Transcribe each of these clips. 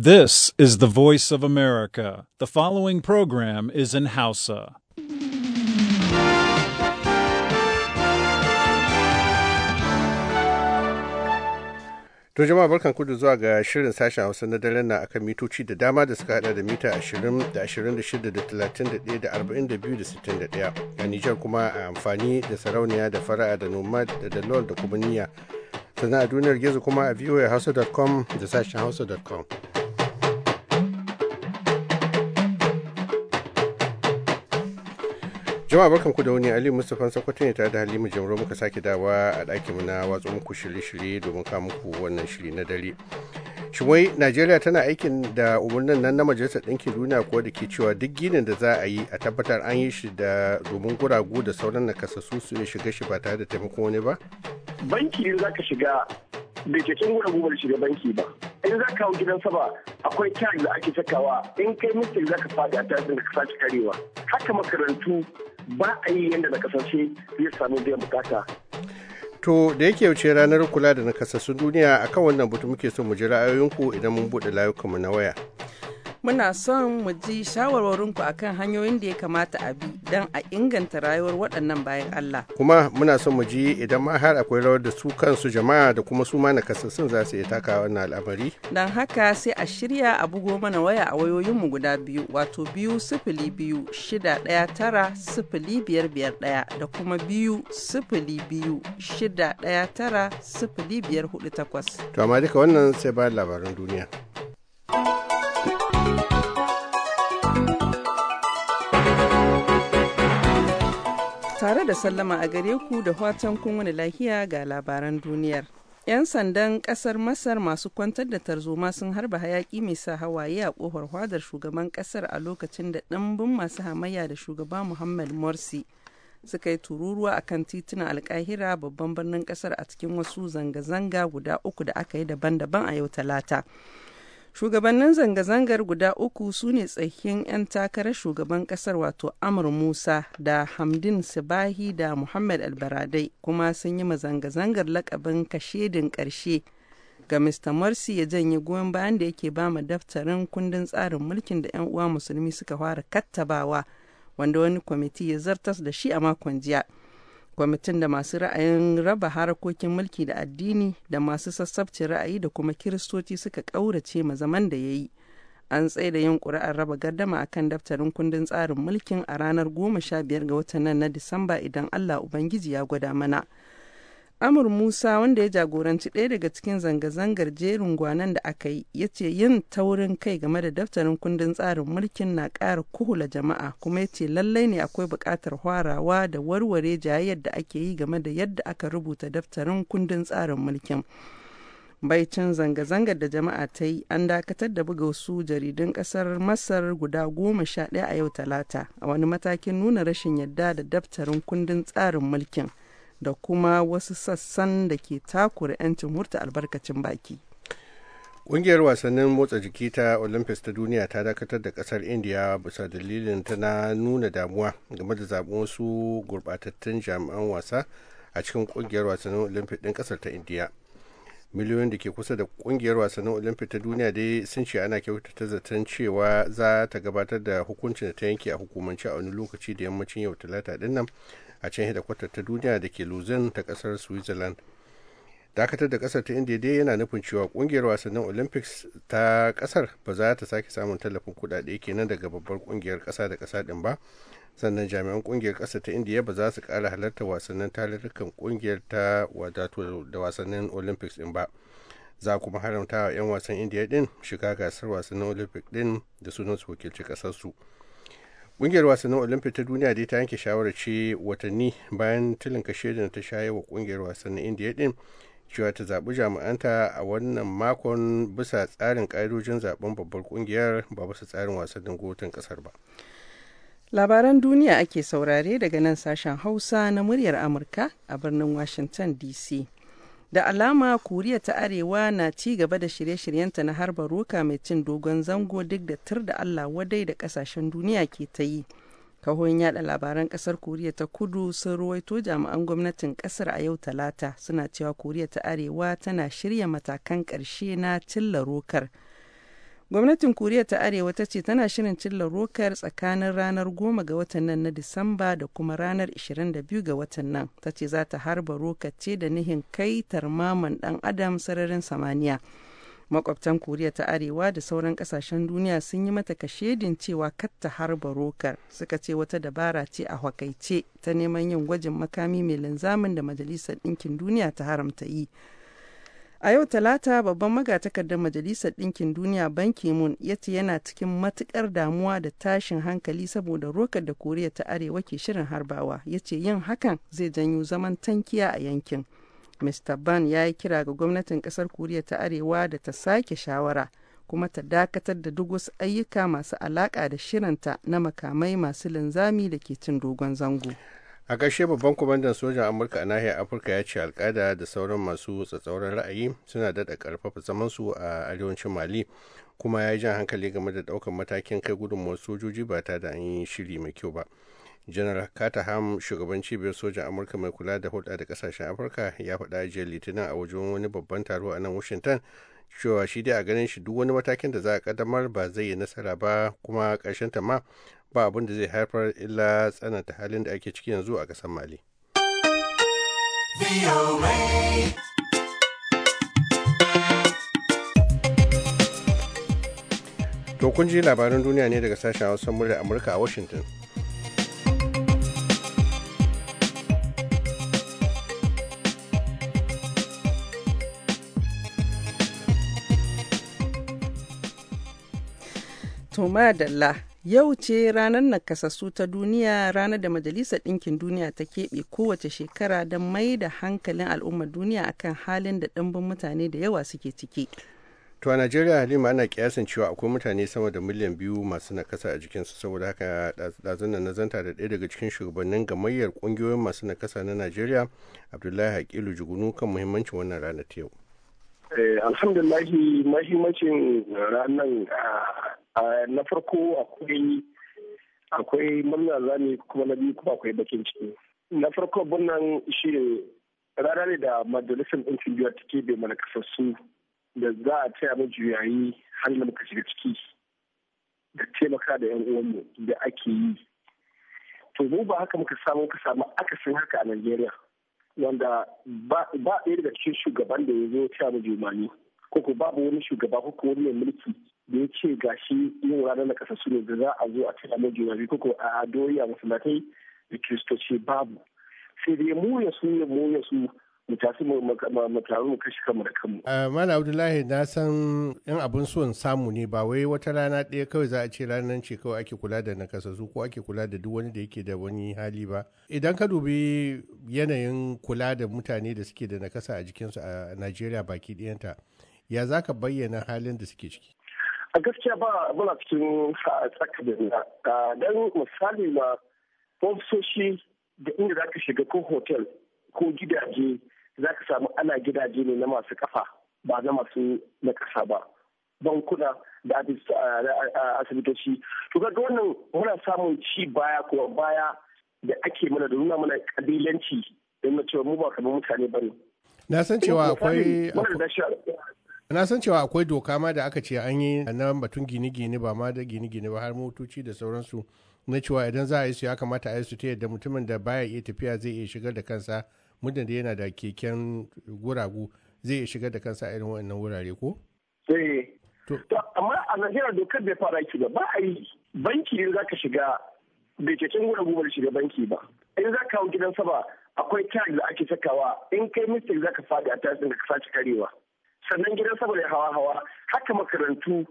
This is the voice of America. The following program is in Hausa. To jama'a barkan kudu zuwa ga shirin sashen Hausa na daren na akan mitoci da dama da suka hada da mita 20 da 26 da 31 da 42 da 61. A Nijar kuma a amfani da sarauniya da fara'a da noma da dalol da kuma niyya. Sannan a duniyar gizo kuma a voahausa.com da sashen hausa.com. jama'a barkan ku da wani ali mustapha sakwato ne tare da halima jamro muka sake dawa a ɗakin mu na watsa muku shirye-shirye domin kawo muku wannan shiri na dare shimai najeriya tana aikin da umarnin nan na majalisar ɗinkin duniya ko da ke cewa duk ginin da za a yi a tabbatar an yi shi da domin guragu da sauran nakasassu su ya shiga shi ba tare da taimakon wani ba banki za ka shiga bai cikin guragu ba shiga banki ba in za ka gidan sama akwai tag da ake sakawa in kai mutum za ka fadi a tashin da ka sace karewa haka makarantu ba a yi yadda nakasashe kasance samu biyan bukata To da yake wuce ranar kula da nakasassun duniya akan wannan batu muke son mu ji ra'ayoyinku idan mun buɗe layukanmu na waya. Muna son mu ji shawarwarinku akan hanyoyin da ya kamata a bi don a inganta rayuwar waɗannan bayan Allah. Kuma muna son mu ji idan ma har akwai rawar da su kansu jama'a da kuma su ma nakasassun za su iya taka wannan al'amari. Don haka sai a shirya a bugo mana waya a wayoyinmu guda biyu wato biyu sifili biyu shida ɗaya tara sifili biyar biyar ɗaya da kuma biyu sifili biyu shida ɗaya tara sifili biyar hudu takwas. To amma duka wannan sai bayan labaran duniya. tare da sallama a gare ku da watan kun wani lahiya ga labaran duniyar. 'Yan sandan kasar Masar masu kwantar da tarzoma sun harba hayaki mai sa hawaye a kofar hwadar shugaban kasar a lokacin da ɗanbin masu hamayya da shugaba Muhammad Morsi suka yi tururuwa a kan tituna alkahira babban birnin kasar a cikin wasu zanga-zanga guda uku da aka yi daban-daban a yau talata. shugabannin zanga-zangar guda uku su ne tsakin 'yan takarar shugaban kasar wato amur musa da hamdin sibahi da muhammad albaradai kuma sun yi zanga-zangar lakabin kashedin karshe ga mr morsi ya janye goyon bayan da yake ba ma daftarin kundin tsarin mulkin da 'yan uwa musulmi suka fara kattabawa wanda wani kwamiti ya zartas da shi a makon jiya. kwamitin da masu ra'ayin raba harkokin mulki da addini da masu sassabci ra'ayi da kuma kiristoci suka ƙaurace ma zaman da ya yi an da yin ƙuri'ar raba gardama akan daftarin kundin tsarin mulkin a ranar 15 ga watan nan na disamba idan allah ubangiji ya gwada mana Amur Musa wanda ya jagoranci ɗaya daga cikin zanga-zangar jerin gwanan da aka yi ya ce yin taurin kai game da daftarin kundin tsarin mulkin na ƙara kuhula jama'a kuma ya ce lallai ne akwai buƙatar hwarawa da warware jayayyar da ake yi game da yadda aka rubuta daftarin kundin tsarin mulkin. baicin zanga-zangar da jama'a ta yi an dakatar da buga wasu jaridun kasar masar guda goma sha ɗaya a yau talata a wani matakin nuna rashin yadda da daftarin kundin tsarin mulkin. da kuma wasu sassan da ke takura 'yancin hurta albarkacin baki. Ƙungiyar wasannin motsa jiki ta Olympics ta duniya ta dakatar da ƙasar India bisa dalilin ta na nuna damuwa game da zaɓen wasu gurɓatattun jami'an wasa a cikin ƙungiyar wasannin olympics ɗin ƙasar ta India. Miliyoyin da ke kusa da ƙungiyar wasannin olympics ta duniya dai sun ce ana kyautata zaton cewa za ta gabatar da hukuncin da ta yanke a hukumance a wani lokaci da yammacin yau talata ɗin nan a can hidakwatar ta duniya da ke luzin ta kasar switzerland dakatar da kasar ta india dai yana nufin cewa kungiyar wasannin olympics ta kasar ba za ta sake samun tallafin kudade kenan daga babbar kungiyar kasa da kasa din ba sannan jami'an kungiyar kasar ta india ba za su kara halarta wasannin tarurrukan kungiyar ta wadato da wasannin olympics din ba za kuma haramta wa 'yan wasan indiya din shiga gasar wasannin olympic din da sunan su wakilci kasarsu su ƙungiyar wasannin olympic ta duniya dai ta yanke shawarar ce watanni bayan tilin kashe na ta shaye wa ƙungiyar wasannin indiya din cewa ta zaɓi jami'anta a wannan makon bisa tsarin ƙa'idojin zaben babbar ƙungiyar ba bisa tsarin wasannin gotun ƙasar ba labaran duniya ake saurare daga nan sashen hausa na muryar amurka a birnin washington dc da alama koriya ta arewa na ci gaba da shirye-shiryenta na harba roka mai cin dogon zango duk da tur da allah wadai da kasashen duniya ke ta yi kahon yada labaran kasar koriya ta kudu sun ruwaito jami'an gwamnatin kasar a yau talata suna cewa koriya ta arewa tana shirya matakan ƙarshe na cilla rokar Gwamnatin Koriya ta Arewa ta ce tana shirin cilla rokar tsakanin ranar 10 ga watan nan na Disamba da kuma ranar 22 ga watan nan. Ta ce za ta harba rokar ce da nihin kai tarmaman dan Adam sararin samaniya. Makwabtan Koriya ta Arewa da sauran kasashen duniya sun yi mata kashedin cewa ta harba rokar suka ce wata dabara ce a hakaice ta neman yin gwajin makami mai linzamin da Majalisar Ɗinkin Duniya ta haramta yi. A yau Talata, babban magatakardar Majalisar Ɗinkin Duniya Ban kimun ya ce yana cikin matukar damuwa da tashin hankali saboda rokar da Koriya ta Arewa ke shirin harbawa, ya ce yin hakan zai janyo zaman tankiya a yankin. Mr. Ban ya yi kira ga gwamnatin ƙasar Koriya ta Arewa da ta sake shawara, kuma ta dakatar da duk wasu ayyuka masu alaƙa da shirinta na makamai masu linzami da ke cin dogon zango. a ƙarshe babban kwamandan sojan amurka a nahiyar afirka ya ce alƙada da sauran masu tsatsauran ra'ayi suna daɗa ƙarfafa su a arewacin mali kuma ya yi jan hankali game da ɗaukar matakin kai gudunmawar sojoji ba ta da an yi shiri mai kyau ba janar kataham shugaban cibiyar sojan amurka mai kula da hulɗa da ƙasashen afirka ya faɗa jiya litinin a wajen wani babban taro a nan washington cewa shi dai a ganin shi duk wani matakin da za a kaddamar ba zai yi nasara ba kuma ƙarshen ta ma ba abin da zai haifar illa tsananta halin da ake ciki yanzu a ƙasar mali to kun ji labaran duniya ne daga sashen hausa murya amurka a washington to madalla Yau ce ranar nakasassu ta duniya ranar da Majalisar Ɗinkin Duniya ta keɓe kowace shekara don mai da hankalin al'ummar duniya akan halin da ɗanbin mutane da yawa suke ciki. To a Najeriya Halima ana kiyasan cewa akwai mutane sama da miliyan biyu masu nakasa a jikinsu saboda haka ɗazun na nazanta da ɗaya daga cikin shugabannin gamayyar ƙungiyoyin masu nakasa na Najeriya Abdullahi Hakilu Jugunu kan muhimmancin wannan ranar ta yau. Eh, alhamdulillahi mahimmancin ranar ah, na farko akwai akwai murna ne kuma na biyu kuma akwai bakin ciki na farko wannan shi rana ne da majalisar ɗinkin biyar take bai mana kasassu da za a taya mu juyayi har da muka shiga ciki da taimaka da yan uwanmu da ake yi to mu ba haka muka samu ka samu akasin haka a najeriya wanda ba ɗaya daga cikin shugaban da ya zo taya mu jumani ko ko babu wani shugaba ko wani mai mulki da ya ce ga yin ranar na kasa su ne da za a zo a cikin mai juna biyu ko a doyi a masallatai da kiristoci babu sai da mu ya su ya mu ya su mu tafi mu taru mu kashe kanmu kanmu. Eh, Mala Abdullahi na san yan abin son samu ne ba wai wata rana ɗaya kawai za a ce ranar ce kawai ake kula da nakasassu ko ake kula da duk wani da yake da wani hali ba. Idan ka dubi yanayin kula da mutane da suke da nakasa a jikinsu a Najeriya baki ɗayanta ya za ka bayyana halin da suke ciki? a gaskiya ba muna cikin tsaka da don misali ma ofisoshi da inda za ka shiga ko hotel ko gidaje za ka samu ana gidaje ne na masu kafa ba na masu na kasa ba bankuna da asibitoci to ga wannan muna samun ci baya kuma baya da ake mana da nuna mana kabilanci don na cewa mu ba kamar mutane ba ne na san cewa eh, akwai na san cewa akwai doka ma da aka ce an yi na batun gine-gine ba ma da gine-gine ba har motoci da sauransu na cewa idan za a yi su ya kamata a yi su ta yadda mutumin da baya iya tafiya zai iya shigar da kansa muddin da yana da keken guragu zai iya shigar da kansa a irin wannan wurare ko? Eh. amma a nahiyar dokar bai fara ki ba ba a yi banki in za ka shiga bai keken guragu ba shiga banki ba in za ka hau gidan sama akwai tag da ake sakawa in kai mistake za ka fadi a tasirin da ka sace karewa sannan gidan saboda hawa-hawa haka makarantu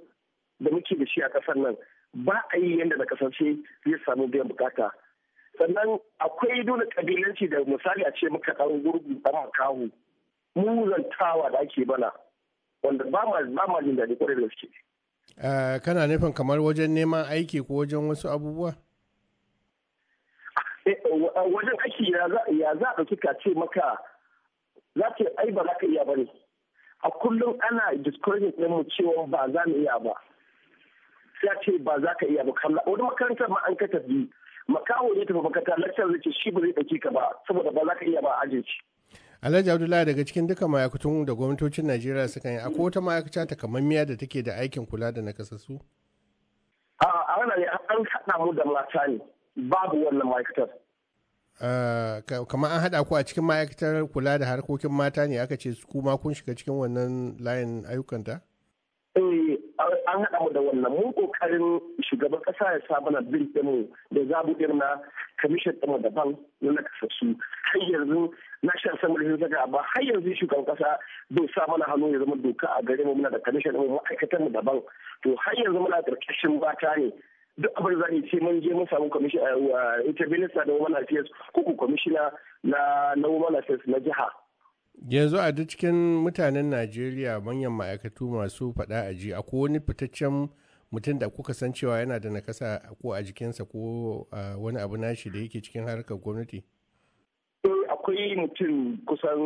da muke da shi a ƙasar nan ba a yi yadda na kasance zai samu biyan bukata sannan akwai nuna kabilanci da misali a ce maka ɗan gurbi ɗan makahu zantawa da ake bana wanda ba ma ba ma jin daɗi da suke. Eh, kana nufin kamar wajen neman aiki ko wajen wasu abubuwa? Eh, wajen aiki ya za a ɗauki ka ce maka za ce ai ba za ka iya bane a kullum ana discouraging ne mu cewa ba za mu iya ba sai ce ba za ka iya ba kalla wani makaranta ma an ka tafi makaho ya tafi makaranta lecture zai ce shi ba zai dauke ka ba saboda ba za ka iya ba a ajin shi Alhaji Abdullahi daga cikin duka ma'aikatan da gwamnatocin Najeriya suka yi akwai wata ma'aikata takamammiya da take da aikin kula da nakasassu? A wannan ne an haɗa mu da mata ne babu wannan ma'aikatar. Eh, kamar an haɗa ku a cikin ma'aikatar kula da harkokin mata ne aka ce su kuma kun shiga cikin wannan layin ayyukanta? Eh, an haɗa mu da wannan mun kokarin shugaban ƙasa ya sa mana bil ɗinmu da zabu ɗin na kamishin ɗinmu daban na nakasassu har yanzu na shan samun rikin saka ba har yanzu shugaban ƙasa bai sa mana hannu ya zama doka a gare mu muna da kamishin ɗinmu ma'aikatan mu daban to har yanzu muna ƙarƙashin bata ne duk abin da za ce mun je mun samu eh, ita minista na women affairs ko ku kwamishina na na women affairs na jiha yanzu a duk cikin mutanen najeriya manyan ma'aikatu masu faɗa a ji akwai wani fitaccen mutum da kuka san cewa yana da nakasa ko a jikinsa ko wani abu nashi da yake cikin harkar gwamnati eh, akwai mutum kusan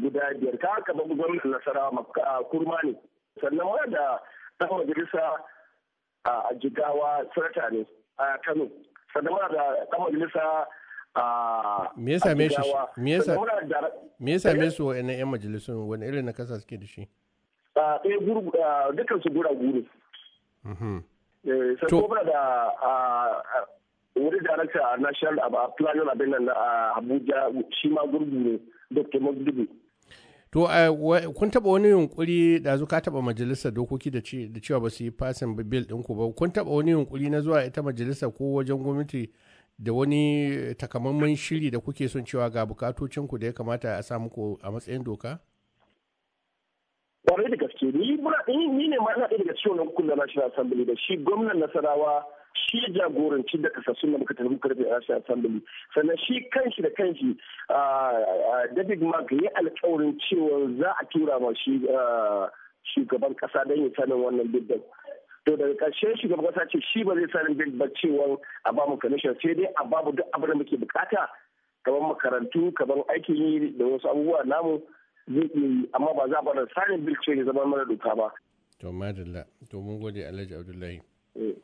guda biyar ta haka gwamnan nasarawa kurma ne sannan wanda da ɗan majalisa a jigawa sanata ne a kano sannan muna da kama majalisa a jigawa me shi me yasa me eh? su wa'annan yan majalisun wani irin na kasa suke da shi a ɗaya gurgu dukkan su gura guru mhm. eh, sannan muna da wani a national planning abin nan a abuja shi ma gurgu ne dr mcdougal To kun taɓa wani yunkuri da ka taɓa majalisar dokoki da cewa ba su yi fasin bil ku ba kun taɓa wani yunkuri na zuwa ita majalisa ko wajen gwamnati da wani takamaiman shiri da kuke son cewa ga bukatocinku da ya kamata a samu ko a matsayin doka? Kwarai da gaske ni ne ma ina ɗaya daga cikin wannan kullum na National Assembly da shi gwamnan Nasarawa shi jagoranci da kasassun da muka tafi muka rufe rashin assembly sannan shi kanshi da kanshi david mark ya alkawarin cewa za a tura ma shi shugaban kasa don ya sanin wannan biddan to daga karshe shugaban kasa ce shi ba zai sanin bid ba cewa a bamu commission sai dai a babu duk abin da muke bukata kaman makarantu kaman aikin yi da wasu abubuwa namu zai iya yi amma ba za a bada sanin bil ce zama mara doka ba. to madalla to mun gode alhaji abdullahi. Eh.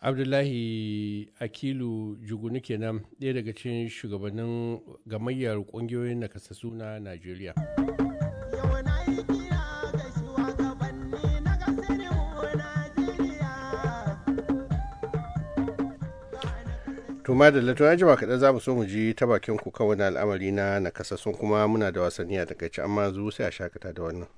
Abdullahi Akilu Jugunu kenan ɗaya daga cikin shugabannin gamayyar ƙungiyoyin nakasassu na Najeriya. tuma da lato ya jima kaɗan za mu so mu ji ta bakin ku kawai na al'amari na nakasassun kuma muna da wasanni a takaice amma zuwa sai a shakata da wannan.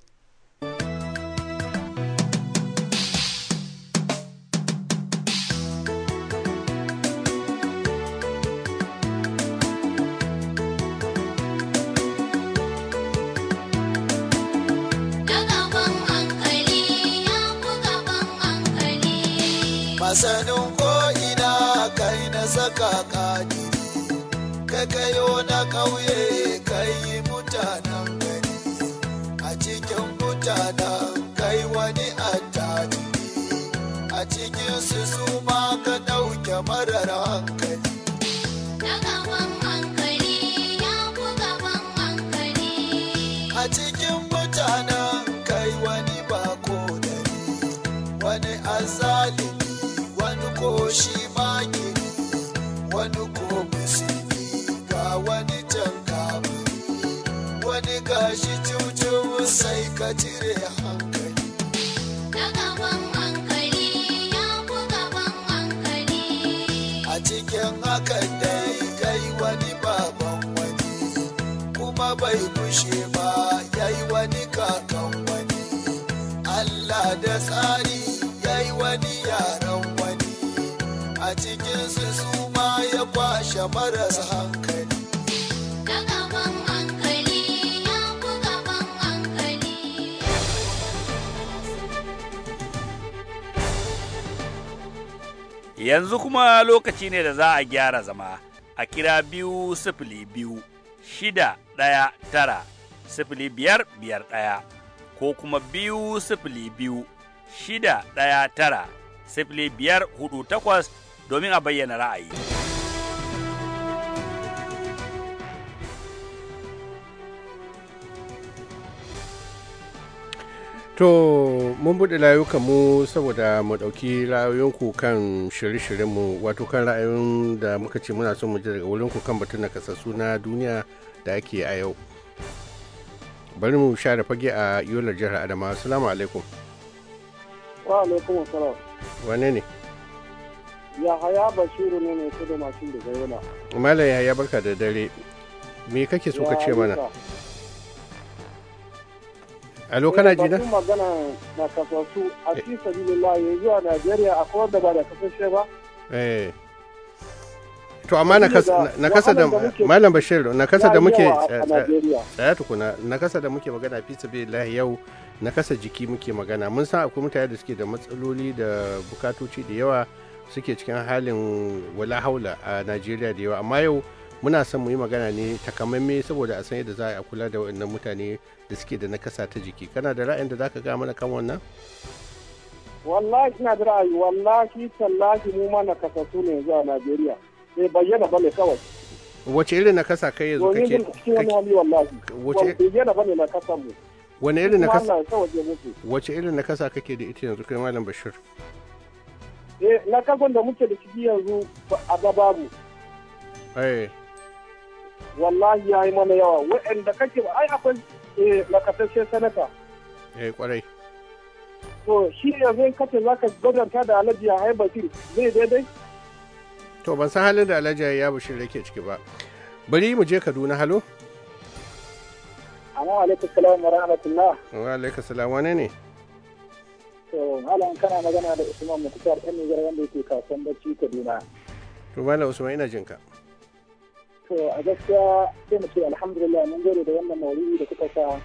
kayo na ƙauye kayi mutanen gari a cikin mutanen a cikinsu su ma ya kwashe maras hankali Yanzu kuma lokaci ne da za a gyara zama a kira biyu sifili biyu shida ɗaya tara sifili biyar biyar ɗaya ko kuma biyu sifili biyu shida ɗaya tara sifili biyar hudu takwas domin a bayyana ra'ayi. To mun buɗe layukan mu saboda mu ɗauki ra'ayoyinku kan shirye-shiryenmu wato kan ra'ayoyin da muka ce muna son mu ji daga wurinku kan batun na na duniya da ake a yau. Bari mu share fage a yolar jihar Adama. Assalamu alaikum. Wa alaikum assalam. Wane ne? Yahaya Bashiru ne mai kudu mashin da zayyana. Malam Yahaya barka da dare. Me kake so ka ce mana? Alo kana ji na? ina magana na kasuwasu a fi sabilillah yanzu zuwa Najeriya a kowar da ba da kasashe ba. Eh. To amma na kasa da Malam Bashir na kasa da muke tsaya tukuna na kasa da muke magana fi sabilillah yau na kasa jiki muke magana mun san akwai mutane da suke da matsaloli da bukatoci da yawa suke cikin halin wala haula a najeriya da yawa amma yau muna son mu yi magana ne takamaimai saboda a san yadda za a kula da waɗannan mutane da suke da nakasa ta jiki kana da ra'ayin da za ka ga mana kan wannan wallahi ina da ra'ayi wallahi tallahi mu ma su ne yanzu a najeriya bai bayyana ba ne kawai wace irin nakasa kai yanzu kake wace bayyana ba ne nakasan mu wani irin nakasa wace irin nakasa kake da ita yanzu kai malam bashir eh na kagon da muke da ciki yanzu a ga babu eh wallahi yi mana yawa waɗanda kake ai akwai eh lakasasshen sanata eh kwarai to shi yanzu in kace zaka gwadanta da Alhaji ya haiba shi zai daidai to ban san halin da Alhaji ya bashir yake ciki ba bari mu je Kaduna halo Assalamu alaikum wa rahmatullah. Wa alaikum salam wane ne? Malam kana magana da Usman Mukhtar ɗan Nijar wanda yake kasuwan bacci Kaduna. To Usman ina jinka. To a gaskiya sai mu ce alhamdulillah mun gode da wannan maulidi da kuka sa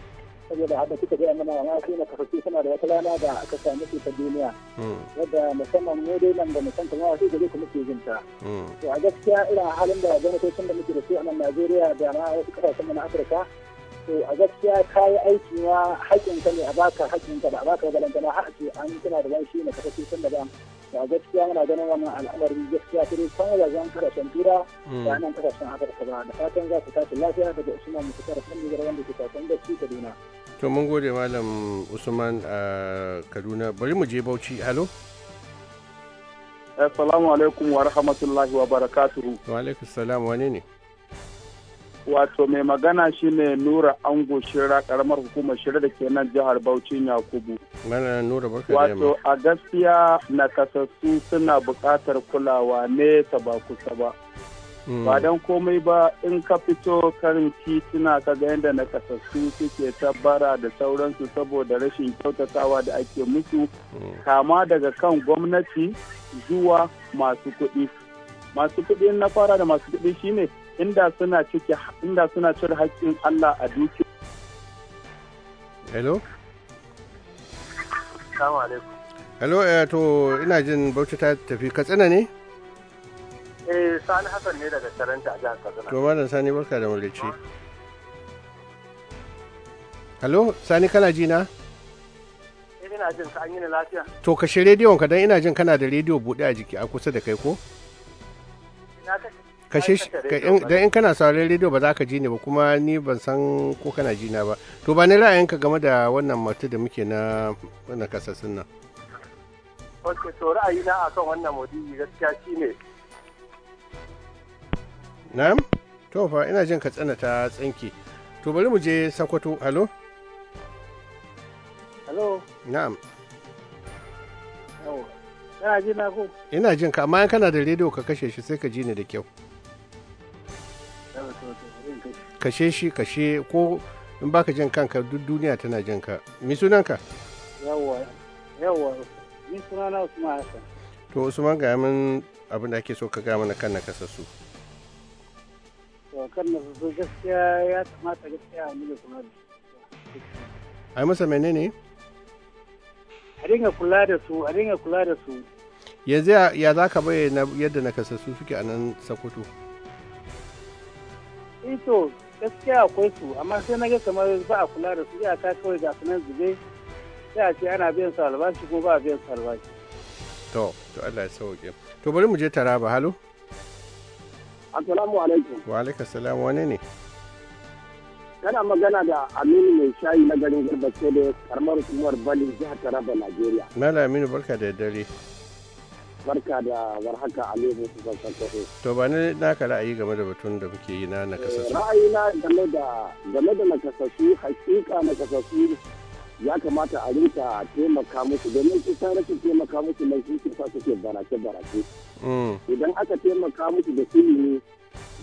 saboda hada kuka ga mana na sai na kafafi suna da wata rana da aka sa su ta duniya hmm. wadda musamman mu dai nan da mu san kuma sai gare ku muke jin ta hmm. to a gaskiya ina halin da gwamnatocin da muke da su a nan Najeriya da ma wasu kasashen na Afirka to a gaskiya ka yi aiki na haƙin ka ne a baka haƙin ka ba a baka na har ce an tana da wani shi ne kasa sun da ba to a gaskiya muna ganin wannan al'amari gaskiya ta ne kan wajen kasashen tura da mm. nan kasashen afirka ba da fatan za ku tashi lafiya daga usman mutukar sandigar wanda ke kasan da su duna. to mun gode malam usman a kaduna bari mu je bauchi halo. assalamu alaikum wa rahmatullahi wa barakatuhu. wa alaikum salam wane ne. Wato mai magana shine Nura Ango Shira karamar hukumar Shira da ke nan jihar Bauchi Yakubu. Wato a gaskiya nakasassu suna buƙatar kulawa ne ta ba kusa ba. Hmm. Ba don komai ba in ka fito karin tituna ka ga yadda nakasassu suke tabbara da sauransu saboda rashin kyautatawa da ake musu hmm. kama daga kan gwamnati zuwa masu kuɗi. Masu kuɗi na fara da masu kuɗi shine inda suna cike inda suna cire haƙƙin Allah a dukiya. hello assalamu alaikum hello eh to ina jin Bauchi ta tafi Katsina ne eh Sani Hassan ne daga Taranta a jihar Katsina to Madan Sani barka da mulki hello Sani kana ji na eh, ina jin ka an yi lafiya to ka shi rediyon ka dan ina jin kana da rediyo buɗe a jiki a kusa da kai ko ina kashe kashe shi da in kana sauraron rediyo ba za ka ji ne ba kuma ni ban san ko kana ji na ba to ba ni ra'ayinka game da wannan matu da muke na wannan kasassun nan ok to ra'ayi na akan wannan maudu'i gaskiya shine na'am to fa ina jin ka tsana ta tsinki to bari mu je sakwato halo halo na'am Ina jin ka, amma kana da rediyo ka kashe shi sai ka ji ni da kyau. kashe shi kashe ko in baka jin kanka duk duniya tana jin ka mi sunanka yawwa yawwa ni sunana usman hasan to usman ga mun abin da ake so ka ga mana kan na kasa su to kan na su gaskiya ya kamata gaskiya a ne kuma ai masa menene a dinga kula da su a dinga kula da su yanzu ya za ka bayyana yadda nakasassu suke a nan sokoto Eh, to gaskiya akwai su amma sai na ga kamar ba a kula da su ya ka kawai ga sunan zube sai a ce ana biyan su albashi kuma ba a biyan su albashi. To, to Allah ya sauke. To bari mu je Taraba halu Assalamu alaikum. Wa alaikum salam wane ne? Kana magana da Aminu mai shayi na garin Garbace da karamar hukumar Bali jihar Taraba Najeriya. Mala Aminu barka da dare. barka da haka a lebo su to ba ne naka ra'ayi game da batun da muke yi na nakasassu ra'ayi na game da game da nakasassu hakika nakasassu ya kamata a rinka taimaka musu domin kusan rashin taimaka musu mai sun kusa suke barace barace mm. idan aka taimaka musu da ilimi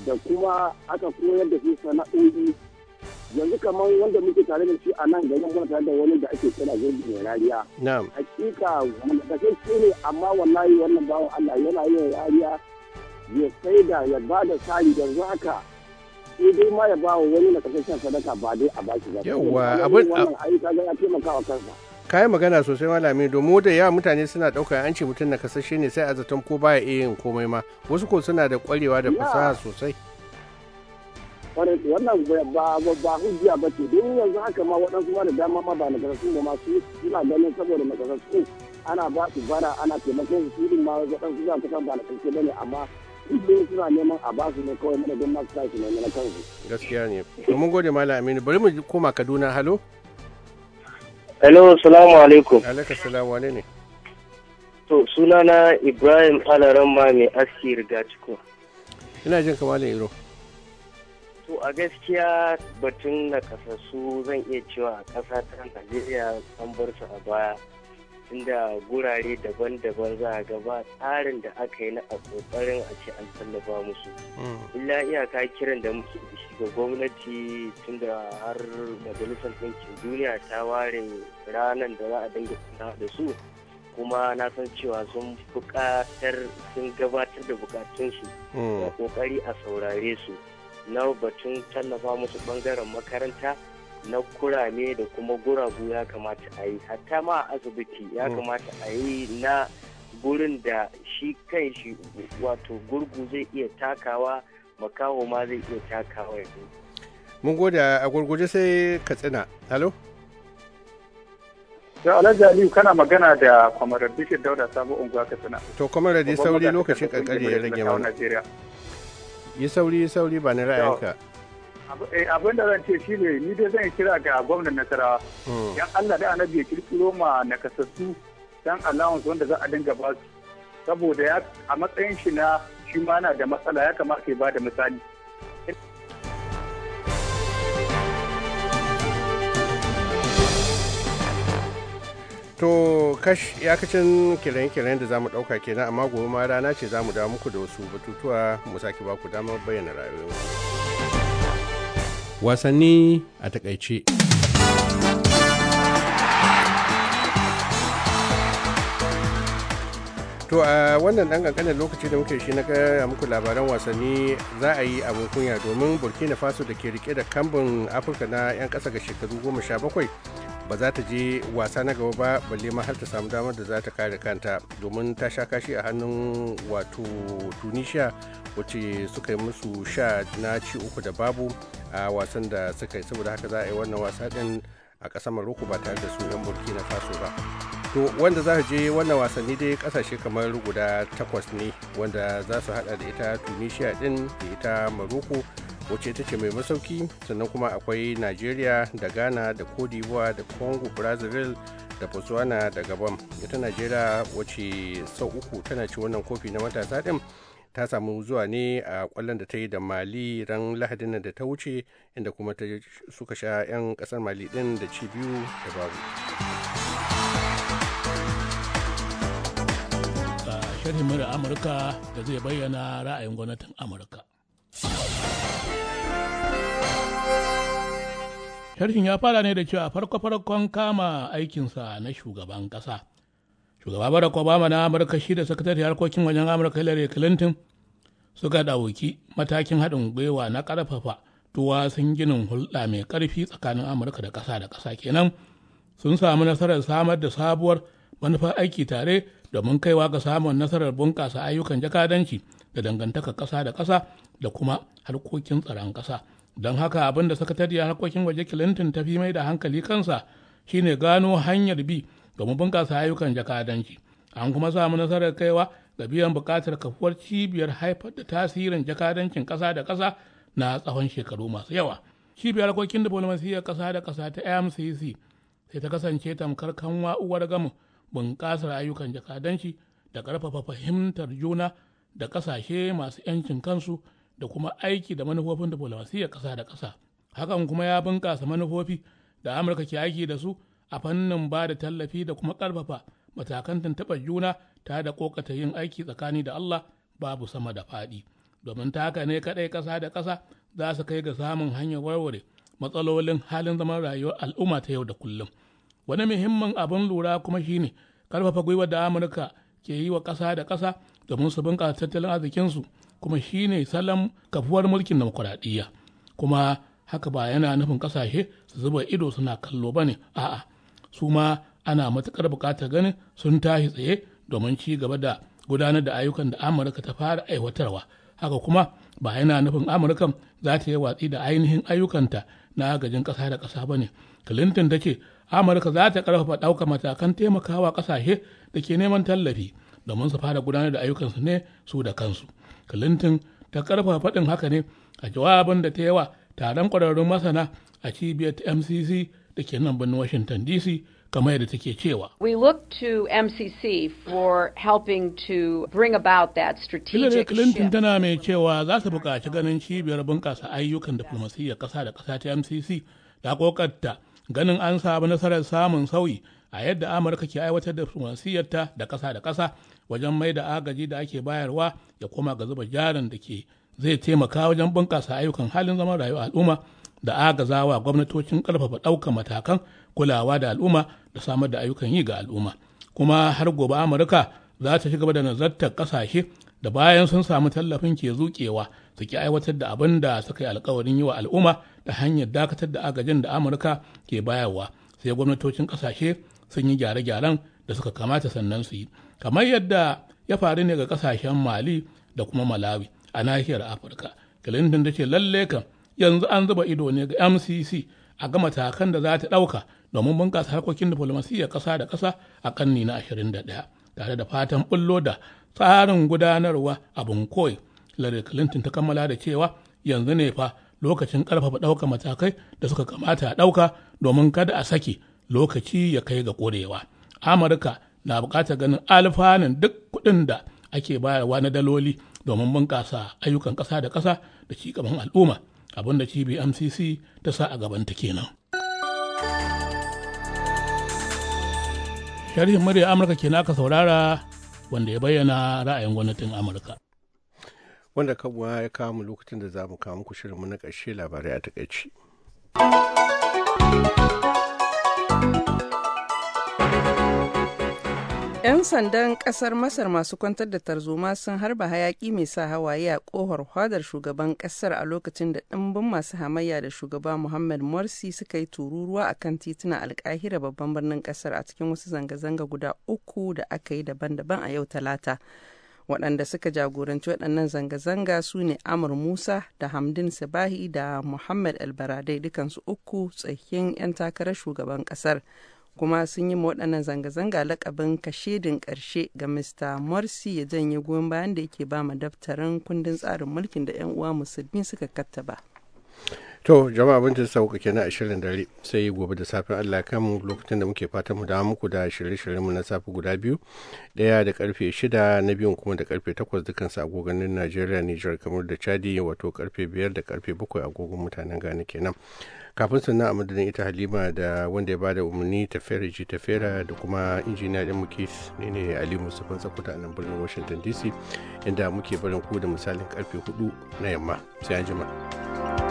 da kuma aka koyar da su sana'o'i yanzu kamar wanda muke tare da shi a nan gari muna tare da wani da ake kira jirgin mai rariya hakika mulkace shi ne amma wallahi wannan bawan Allah yana yin rariya ya sai da ya ba da sari da haka sai dai ma ya ba wani na kasashen sadaka ba dai a baki ba yawa abin wannan ayyuka ga ya taimaka wa kansa kayi magana sosai malami domin da yawa mutane suna ɗaukar an ce mutum na kasashe ne sai a zaton ko baya iya yin komai ma wasu ko suna da kwarewa da fasaha sosai. wannan ba ba hujja ba ce don yanzu haka ma waɗansu ba da dama ma ba sun ba ma su suna ganin saboda sun ana ba su bara ana taimakon su su ma waɗansu za ka kan ba nakasassu ba ne amma duk suna neman a ba su ne kawai mana don masu tashi ne na kansu. gaskiya ne to mun gode malam aminu bari mu koma kaduna halo. hello salamu alaikum. alaikum salamu ne. to sunana ibrahim alaramma mai aski riga ciko. ina jin kamar iro. To a gaskiya batun na kasassu zan iya cewa a ƙasa ta Najeriya an bar su a baya. inda gurare daban-daban za a gaba tsarin da aka yi na a ƙoƙarin a ce an tallafa musu. Hmm. Illa iyaka kiran da muke shi ga gwamnati tunda har majalisar ɗinkin duniya ta ware ranar da za a dinga da su. kuma na san cewa sun buƙatar sun gabatar da bukatunsu da hmm. kokari a saurare su na batun tallafa musu bangaren makaranta na kurame da kuma guragu ya kamata a yi hatta ma a asibiti ya mm. kamata a yi na gurin da shi kan shi wato gurgu zai iya takawa makaho ma zai iya takawa yanzu mun gode a gurguje sai katsina halo da alhaji aliyu kana magana da kwamarar bishir dauda sabo unguwa katsina to kwamarar dai sauri lokacin kankari ya rage mana yi sauri yi sauri ba ni ra'ayinka eh, abin da zan ce shi ne ni dai zan yi kira ga gwamnan nasarawa yan hmm. allah da anabi ya kirkiro ma nakasassu dan allowance wanda za a dinga ba su saboda a matsayin shi na shi ma na da matsala ya kamata ya ba da misali to kash iyakacin kiran-kiran da zamu dauka kenan amma gobe ma rana ce zamu dawo muku da wasu batutuwa mu sake baku damar bayyana rayuwa wasanni a takaice to a wannan dan kankanin lokaci da muke shi na gaya muku labaran wasanni za a yi abin kunya domin burkina faso da ke rike da kambun afirka na 'yan kasa ga shekaru 17 ba za ta je wasa na gaba ba balle ma har ta samu damar da za ta kare kanta domin ta sha kashi a hannun wato tunisia wacce suka yi musu sha na ci uku da babu a wasan da suka yi saboda haka za a yi wannan wasa din a ƙasar maroko ba tare da su 'yan burkina faso ba to wanda za je wannan wasanni dai kasashe kamar guda takwas ne wanda za su hada da ita tunisia din da ita maroko wacce ita ce mai masauki sannan kuma akwai nigeria da ghana da cote da congo brazil da botswana da gabon ita nigeria wacce sau uku tana ci wannan kofi na matasa din ta samu zuwa ne a kwallon da ta yi da mali ran lahadin da ta wuce inda kuma ta suka sha 'yan kasar mali din da ci biyu da babu sharhin mara amurka da zai bayyana ra'ayin gwamnatin amurka Sharhin ya fara ne da cewa farko-farkon kama aikinsa na shugaban ƙasa. Shugaba Barack Obama na Amurka shi da sakatare harkokin wajen Amurka Hillary Clinton suka ɗauki matakin haɗin gwiwa na ƙarfafa sun ginin hulɗa mai ƙarfi tsakanin Amurka da ƙasa da ƙasa kenan sun samu nasarar samar da sabuwar manufar aiki tare domin kaiwa ga samun nasarar bunƙasa ayyukan jakadanci da dangantaka ƙasa da ƙasa da kuma harkokin tsaron ƙasa. don haka abin da sakatariyar harkokin waje clinton ta fi mai da hankali kansa shine gano hanyar bi domin bunƙasa ayyukan jakadanci an kuma samu nasarar kaiwa ga biyan buƙatar kafuwar cibiyar haifar da tasirin jakadancin ƙasa da ƙasa na tsawon shekaru masu yawa cibiyar harkokin diflomasiyyar ƙasa da ƙasa ta mcc sai ta kasance tamkar kanwa uwar gamu bunƙasar ayyukan jakadanci da ƙarfafa fahimtar juna da ƙasashe masu 'yancin kansu da kuma aiki da manufofin diflomasiyyar ƙasa da ƙasa hakan kuma ya bunƙasa manufofi da amurka ke aiki da su a fannin ba da tallafi da kuma ƙarfafa matakan tuntuɓa juna ta da ƙoƙata yin aiki tsakani da allah babu sama da faɗi domin ta haka ne kaɗai ƙasa da ƙasa za su kai ga samun hanyar warware matsalolin halin zaman rayuwar al'umma ta yau da kullum wani muhimmin abin lura kuma shine ƙarfafa gwiwa da amurka ke yi wa ƙasa da ƙasa domin su bunƙasa tattalin arzikinsu kuma shine salon kafuwar mulkin demokuraɗiyya kuma haka ba yana nufin ƙasashe su zuba ido suna kallo ba ne a'a su ma ana matuƙar buƙatar ganin sun tashi tsaye domin ci gaba da gudanar da ayyukan da amurka ta fara aiwatarwa haka kuma ba yana nufin amurka za ta yi watsi da ainihin ayyukanta na agajin ƙasa da ƙasa ba ne clinton ta ce amurka za ta ƙarfafa ɗaukar matakan taimakawa ƙasashe da ke neman tallafi domin su fara gudanar da ayyukansu ne su da kansu clinton ta karfa faɗin haka ne a jawabin da ta yawa taron ƙwararrun masana a cibiyar mcc da ke nan birnin washington dc kamar yadda take cewa. We look to MCC for helping to bring about that strategic shift. Clinton tana mai cewa za su buƙaci ganin cibiyar bunƙasa ayyukan diflomasiyyar ƙasa da ƙasa ta MCC da ƙoƙarta ganin an samu nasarar samun sauyi a yadda amurka ke aiwatar da diflomasiyarta da ƙasa da ƙasa wajen mai da agaji da ake bayarwa ya koma ga zuba jarin da ke zai taimaka wajen bunƙasa ayyukan halin zaman rayuwa al'umma da agazawa gwamnatocin ƙarfafa ɗaukar matakan kulawa da al'umma da samar da ayyukan yi ga al'umma kuma har gobe amurka za ta ci gaba da nazartar ƙasashe da bayan sun samu tallafin ke zuƙewa su ki aiwatar da abin da suka yi alkawarin yi wa al'umma da hanyar dakatar da agajin da amurka ke bayarwa sai gwamnatocin ƙasashe sun yi gyare-gyaren da suka kamata sannan su yi kamar yadda ya faru ne ga kasashen mali da kuma malawi a nahiyar afirka clinton ta ce lalle kan yanzu an zuba ido ne ga mcc a ga matakan da za ta ɗauka domin bunƙasa harkokin diflomasiyyar ƙasa da ƙasa a ƙanni na 21 tare da fatan bullo da tsarin gudanarwa abin koyi lare clinton ta kammala da cewa yanzu ne fa lokacin ƙarfafa ɗaukar matakai da suka kamata a ɗauka domin kada a sake lokaci ya kai ga ƙorewa, amurka na buƙatar ganin alfanun duk kuɗin da ake bayarwa na daloli domin bunƙasa ayyukan ƙasa da ƙasa da ci al'umma abin da cbmcc ta sa a gaban ta kenan sharhin murya amurka ke naka saurara wanda ya bayyana ra'ayin gwamnatin amurka wanda kabuwa ya kawo mu lokacin da za mu kawo muku shirin na ƙarshe labarai a takaici. 'Yan sandan kasar Masar masu kwantar da tarzoma sun harba hayaki mai sa hawaye a kohar hadar shugaban kasar a lokacin da ɗimbin masu hamayya da shugaba Muhammad Morsi suka yi tururuwa a kan tituna alkahira babban birnin kasar a cikin wasu zanga-zanga guda uku da aka yi daban-daban a yau talata. Waɗanda suka jagoranci waɗannan zanga-zanga su ne Amur Musa da Hamdin Sabahi da Muhammad Albaradai dukansu uku tsakin 'yan takarar shugaban ƙasar. kuma sun yi waɗannan zanga-zanga lakabin kashedin ƙarshe ga mr morsi ya janye goyon bayan da yake ba ma daftarin kundin tsarin mulkin da 'yan uwa musulmi suka kattaba to jama'a abinci sauka kenan a shirin dare sai gobe da safin allah kan lokacin da muke fatan mu da muku da shirye mu na safi guda biyu daya da karfe shida na biyun kuma da karfe takwas dukansu agoganin najeriya nijar kamar da chadi wato karfe biyar da karfe bakwai agogon mutanen gane kenan kafin sannan a madadin ita halima da wanda ya ba da umarni tafiyar ji tafera da kuma injiniya ɗin muke ne ne ali musufan sakuta a nan birnin washington dc inda muke barin ku da misalin karfe 4 na yamma sai an jima.